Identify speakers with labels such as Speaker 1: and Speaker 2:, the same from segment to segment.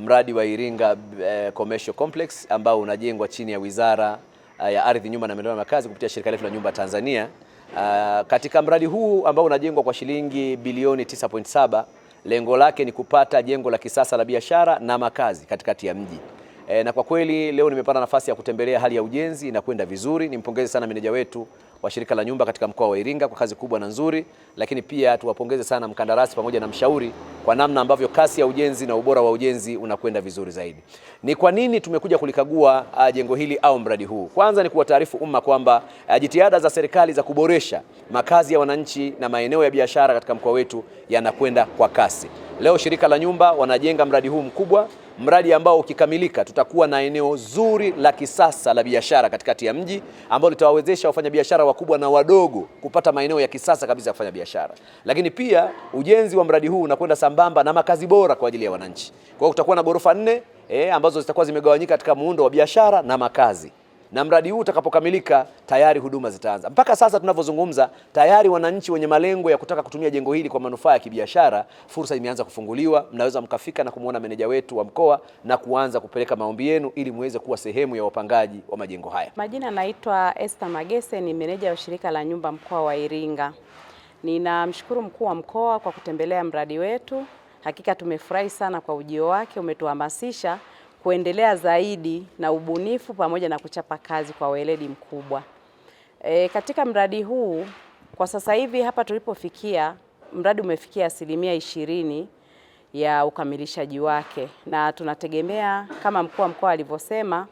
Speaker 1: mradi wa Iringa eh, Commercial Complex ambao unajengwa chini ya Wizara eh, ya Ardhi, Nyumba na Maendeleo ya Makazi kupitia shirika letu la Nyumba Tanzania. Uh, katika mradi huu ambao unajengwa kwa shilingi bilioni 9.7, lengo lake ni kupata jengo la kisasa la biashara na makazi katikati ya mji. E, na kwa kweli leo nimepata nafasi ya kutembelea hali ya ujenzi, inakwenda vizuri. Nimpongeze sana meneja wetu wa shirika la nyumba katika mkoa wa Iringa kwa kazi kubwa na nzuri, lakini pia tuwapongeze sana mkandarasi pamoja na mshauri kwa namna ambavyo kasi ya ujenzi na ubora wa ujenzi unakwenda vizuri zaidi. Ni kwa nini tumekuja kulikagua uh, jengo hili au mradi huu? Kwanza ni kuwataarifu umma kwamba uh, jitihada za serikali za kuboresha makazi ya wananchi na maeneo ya biashara katika mkoa wetu yanakwenda kwa kasi. Leo shirika la nyumba wanajenga mradi huu mkubwa mradi ambao ukikamilika, tutakuwa na eneo zuri la kisasa la biashara katikati ya mji ambalo litawawezesha wafanyabiashara wakubwa na wadogo kupata maeneo ya kisasa kabisa ya kufanya biashara. Lakini pia ujenzi wa mradi huu unakwenda sambamba na makazi bora kwa ajili ya wananchi. Kwa hiyo kutakuwa na ghorofa nne eh, ambazo zitakuwa zimegawanyika katika muundo wa biashara na makazi na mradi huu utakapokamilika tayari huduma zitaanza. Mpaka sasa tunavyozungumza, tayari wananchi wenye malengo ya kutaka kutumia jengo hili kwa manufaa ya kibiashara, fursa imeanza kufunguliwa. Mnaweza mkafika na kumwona meneja wetu wa mkoa na kuanza kupeleka maombi yenu ili muweze kuwa sehemu ya wapangaji wa majengo haya.
Speaker 2: Majina anaitwa Esther Magese, ni meneja wa shirika la nyumba mkoa wa Iringa. Ninamshukuru mkuu wa mkoa kwa kutembelea mradi wetu. Hakika tumefurahi sana kwa ujio wake, umetuhamasisha kuendelea zaidi na ubunifu pamoja na kuchapa kazi kwa weledi mkubwa. E, katika mradi huu kwa sasa hivi hapa tulipofikia, mradi umefikia asilimia ishirini ya ukamilishaji wake, na tunategemea kama mkuu wa mkoa alivyosema,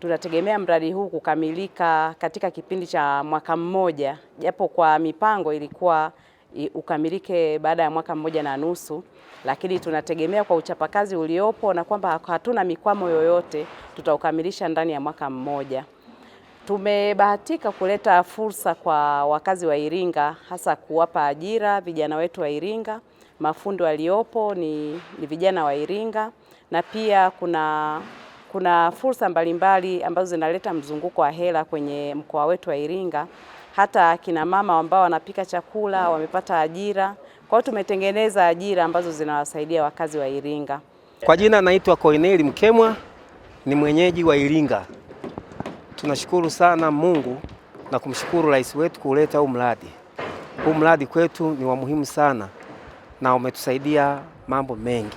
Speaker 2: tunategemea mradi huu kukamilika katika kipindi cha mwaka mmoja, japo kwa mipango ilikuwa ukamilike baada ya mwaka mmoja na nusu, lakini tunategemea kwa uchapakazi uliopo na kwamba hatuna mikwamo yoyote, tutaukamilisha ndani ya mwaka mmoja. Tumebahatika kuleta fursa kwa wakazi wa Iringa, hasa kuwapa ajira vijana wetu wa Iringa. Mafundo waliopo ni, ni vijana wa Iringa na pia kuna kuna fursa mbalimbali ambazo zinaleta mzunguko wa hela kwenye mkoa wetu wa Iringa. Hata kina mama ambao wanapika chakula wamepata ajira, kwa hiyo tumetengeneza ajira ambazo zinawasaidia wakazi wa Iringa.
Speaker 3: Kwa jina naitwa Koineli Mkemwa, ni mwenyeji wa Iringa. Tunashukuru sana Mungu na kumshukuru rais wetu kuleta huu mradi. Huu mradi kwetu ni wa muhimu sana na umetusaidia mambo mengi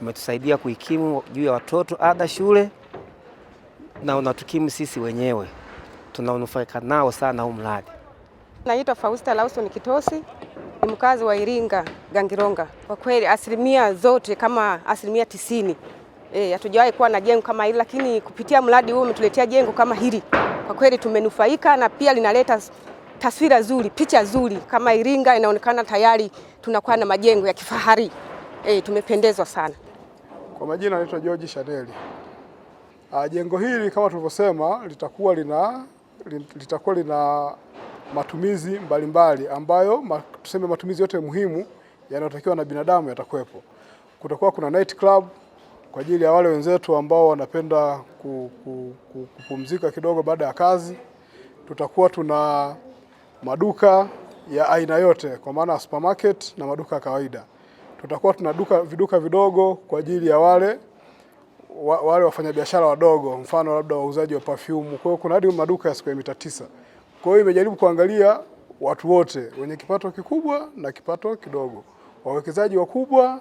Speaker 3: umetusaidia kuikimu juu ya watoto ada shule na unatukimu sisi wenyewe, tunanufaika nao sana huu mradi.
Speaker 4: Naitwa Fausta Lawson Kitosi, ni mkazi wa Iringa Gangironga. Kwa kweli asilimia zote kama asilimia tisini e, hatujawahi e, kuwa na jengo kama hili, lakini kupitia mradi huu umetuletea jengo kama hili. Kwa kweli tumenufaika, na pia linaleta taswira nzuri, picha nzuri, kama Iringa inaonekana tayari tunakuwa na majengo ya kifahari. E, tumependezwa sana.
Speaker 5: Kwa majina anaitwa George Shadeli. Ah, jengo hili kama tulivyosema litakuwa lina litakuwa lina matumizi mbalimbali mbali, ambayo tuseme matumizi yote muhimu yanayotakiwa na binadamu yatakuwepo. Kutakuwa kuna night club kwa ajili ya wale wenzetu ambao wanapenda kupumzika kidogo baada ya kazi. Tutakuwa tuna maduka ya aina yote kwa maana supermarket na maduka ya kawaida tutakuwa tuna duka viduka vidogo kwa ajili ya wale wa, wale wafanyabiashara wadogo, mfano labda wauzaji wa perfume. Kwa hiyo kuna hadi maduka ya ya mita tisa. Kwa hiyo imejaribu kuangalia watu wote wenye kipato kikubwa na kipato kidogo, wawekezaji wakubwa na